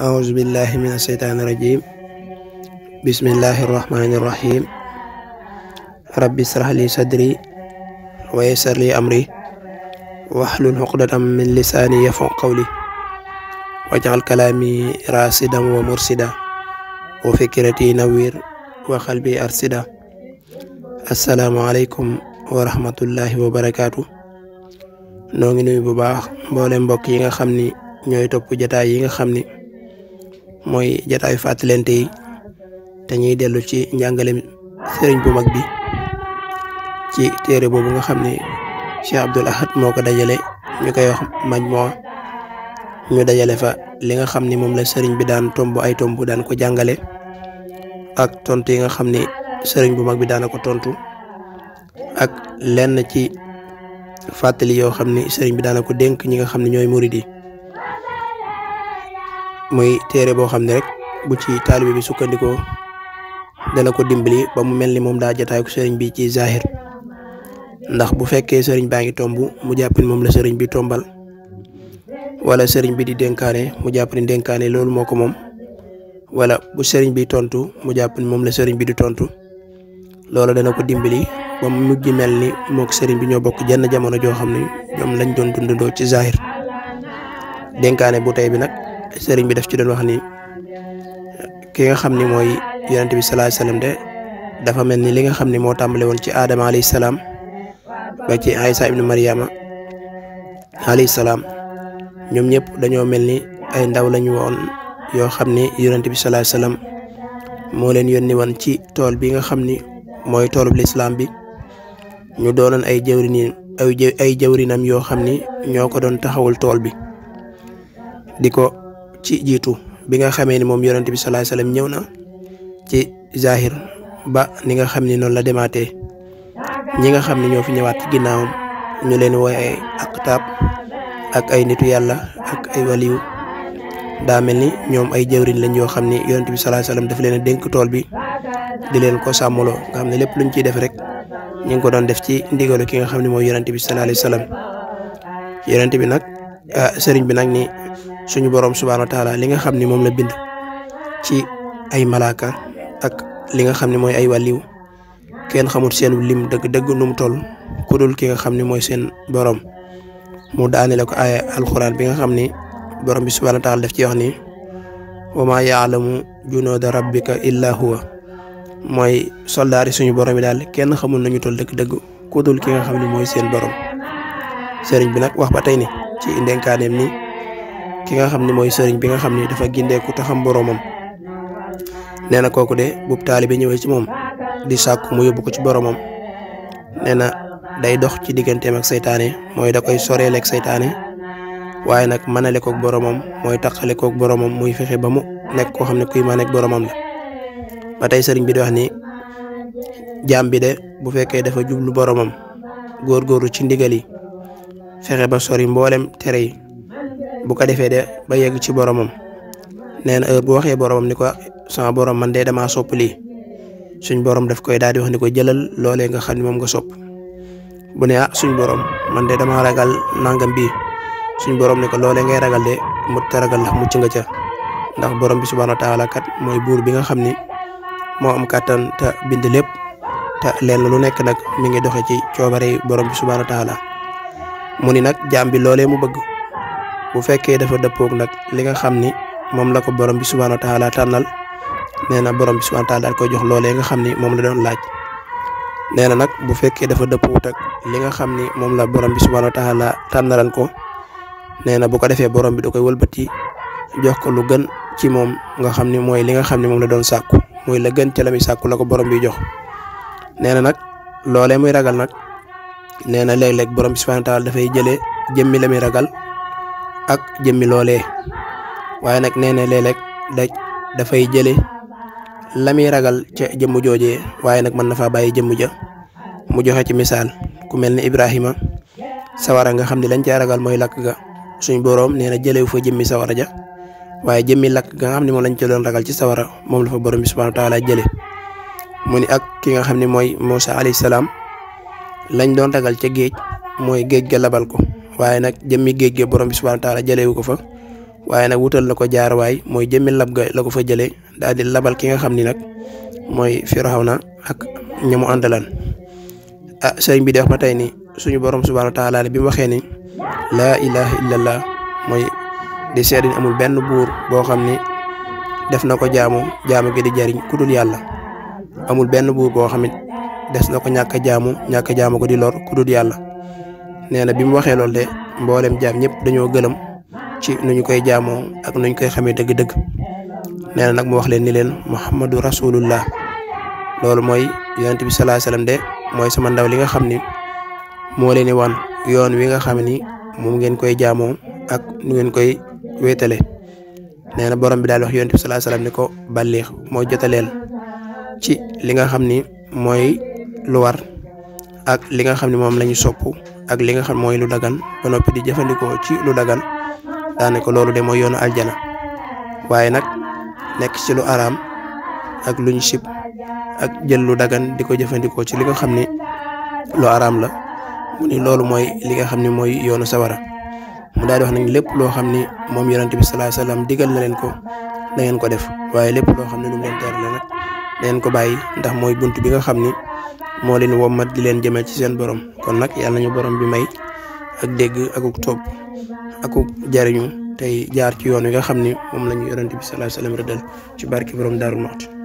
أعوذ بالله من الشيطان الرجيم بسم الله الرحمن الرحيم رب اشرح لي صدري ويسر لي أمري واحلل عقدة من لساني يفقه قولي واجعل كلامي راسدا ومرشدا وفكرتي نوير وقلبي أرشدا السلام عليكم ورحمة الله وبركاته نوغي نوي nuyu bu baax mboolem mbokk yi nga xam ni yi nga mooy jataayu fàttalente yi te ñuy dellu ci njàngaleem sëriñ bu mag bi ci téere boobu nga xam ni Cheikh Abdoul Ahad moo ko dajale ñu koy wax majmoo ñu dajale fa li nga xam ni moom la sëriñ bi daan tomb ay tomb daan ko jàngale ak tontu yi nga xam ni sëriñ bu mag bi daana ko tontu ak lenn ci fàttali yoo xam ne sëriñ bi daana ko dénk ñi nga xam ne ñooy murid yi muy téere boo xam ne rek bu ci taalibe bi sukkandikoo dana ko dimbali ba mu mel ni moom daa jataay ko sëriñ bi ci zahir ndax bu fekkee sëriñ baa ngi tomb mu jàpp moom la sëriñ bi tombal wala sëriñ bi di dénkaane mu jàpp ni dénkaane loolu moo ko moom wala bu sëriñ bi tontu mu jàpp ni moom la sëriñ bi di tontu loolu dana ko dimbali ba mu mujj mel ni mook sëriñ bi ñoo bokk jenn jamono joo xam ne ñoom lañ doon dundandoo ci zahir dénkaane bu tey bi nag. sëriñ bi daf ci doon wax ni ki nga xam ni mooy yonente bi sallallahu alayhi de dafa mel ni li nga xam ni moo tàmbale woon ci aadama salaam ci Isa ibnu Maryama alayhi salaam ñoom ñëpp dañoo mel ni ay ndaw lañu woon yoo xam ni yonente bi sallallahu alayhi moo leen yónni woon ci tool bi nga xam ni mooy toolub lislaam bi ñu doonoon ay jëwriñ ay jëwrinam yoo xam ni ñoo ko doon taxawul tool bi di ko ci jitu bi nga xamé ni mom yaronte bi sallallahu alayhi wasallam ñewna ci zahir ba ni nga xamni non la dematé ñi nga xamni ne ñoo fi ñewat ginaaw ñu leen woyé ak tab ak ay nitu yalla ak ay waliyu da melni ñom ay jëwriñ lañ yoo xamni yaronte bi sallallahu alayhi wasallam daf leen denk tol bi di leen ko samulo nga xamni lepp luñ ci def rek ñi ko doon def ci ndigalu ki nga xamni mo yaronte bi sallallahu alayhi wasallam yaronte bi nak ah, serigne bi nak ni suñu borom subhaanahu wa li nga xam ni moom la bind ci ay malaaka ak li nga xam ne mooy ay wàlliw kenn xamul seen lim dëgg-dëgg nu mu toll ku dul ki nga xam ne mooy seen borom mu daanele ko aaya alxuraan bi nga xam ni borom bi subhaanahu wa taala ci wax ni wa maa yaalamu junuuda rabbika illaa huwa mooy soldaar suñu borom yi daal kenn xamul nañu toll dëgg-dëgg ku ki nga xam ne mooy seen borom sëriñ bi nag wax ba tey ni ci ndenkaanam ni ki nga xam ne mooy sëriñ bi nga xam ne dafa gindeeku ku xam boroomam nee na kooku de bu taalibe ñëwee ci moom di sàkku mu yóbbu ko ci boromam nee na day dox ci digganteem ak seytaane mooy da koy soreel seytaane waaye nag mënale koog boroomam mooy taqale koog boroomam muy fexe ba mu nekk koo xam ne kuy mën ak boroomam ba tey sëriñ bi di wax ni jaam bi de bu fekkee dafa jublu boroomam góorgóorlu ci ndigal yi fexe ba sori mboolem tere yi bu ko defee de ba yegg ci boromam nee na heure bu waxee boromam ni ko sama borom man de dama sopp lii suñ borom daf koy daal di wax ni ko jëlal loolee nga xam ne moom nga sopp bu ne ah suñ borom man de dama ragal nangam bii suñ borom ni ko loolee ngay ragal de mu taragal ndax mucc nga ca ndax borom bi subhanahu wa taala kat mooy buur bi nga xam ni moo am kàttan te bind lépp te lenn lu nekk nag mi ngi ci coobare borom bi subhanahu wa taala mu ni nag jaam mu bëgg bu fekkee dafa dëppoog nag li nga xam ni moom la ko borom bi subhanahu wa taala tànnal nee na borom bi subhanahu wa taala daal koy jox loolee nga xam ni moom la doon laaj nee na nag bu fekkee dafa dëppoowut ak li nga xam ni moom la borom bi subhanahu wa taala tànnalan ko nee na bu ko defee borom bi da koy wëlbati jox ko lu gën ci moom nga xam ni mooy li nga xam ni moom la doon sàkku mooy la gën ci la muy sàkku la ko borom bi jox nee na nag loolee muy ragal nag nee na léeg-léeg borom bi subhanahu wa taala dafay jëlee jëmmi la muy ragal ak jëmmi loolee waaye nak nee na léeg daj da fay jëlé lamiy ragal ci jëmm jojé waaye nak man na fa bàyyi jëmm ja mu joxé ci misal ku melni Ibrahima sawara nga xamni lañ ci ragal moy lak ga suñ borom nee na jëlewu fa jëmmi sawara ja waaye jëmmi lak ga nga xamni mo lañ ci doon ragal ci sawara mom la fa borom subhanahu wa taala jëlé muni ak ki nga xamni moy mooy alayhi salam lañ doon ragal ci geej moy geej ga labal ko waaye nag jëmmi géej ge borom bi subhaanahu wa taala jëlewu ko fa waaye nag wutal na ko jaarwaay mooy jëmmi lab ga la ko fa jëlee daal di labal ki nga xam ni nag mooy na ak ñamu àndalaan ah sëriñ bi di wax ba tey ni suñu borom subhaanahu wa taala bi mu waxee ni laa ilaha illallah mooy di seede amul benn buur boo xam ni def na ko jaamu jaamu gi di jariñ ku dul yàlla amul benn buur boo xam ni des na ko ñàkk a jaamu ñàkk a ko di lor ku yàlla nee na bi mu waxee loolu de mbooleem jaam ñëpp dañoo gëlëm ci nu ñu koy jaamoo ak nu koy xamee dëgg-dëgg nee nag mu wax leen ni leen muhammadu rasulullah loolu mooy yonent bi salaa salaam de mooy sama ndaw li nga xam ni moo leen di wan yoon wi nga xam ni moom ngeen koy jaamoo ak nu ngeen koy wéetale nee na borom bi daal wax yonent bi salaa salaam ni ko balliix moo jotaleel ci li nga xam ni mooy lu war ak li nga xamni mom lañu la ak li nga xam moy lu dagan ba nopi di jëfandikoo ci lu dagan daanaka loolu de mooy yoonu aljana waye nak nek ci lu aram ak luñ sib ak jël lu dagan diko ko ci li nga xamni lu aram la mu ni loolu mooy li nga xamni moy mooy yoonu sawara mu daal wax nak lepp lo xamni mom yaronte bi sallallahu alayhi wasallam digal na len ko na ngeen ko def waye lepp lo xamni lu ngeen leen la nak na ngeen ko bayyi ndax moy buntu bi nga xamni moo leen wommat di leen jëmee ci seen borom kon nag yal nañu boroom bi may ak dégg akuk topp akuk jariñu tey jaar ci yoon wi nga xam ni moom la ñu yonent bi sallallahu alayhi wasallam rëddal ci barki borom Daaru Muxti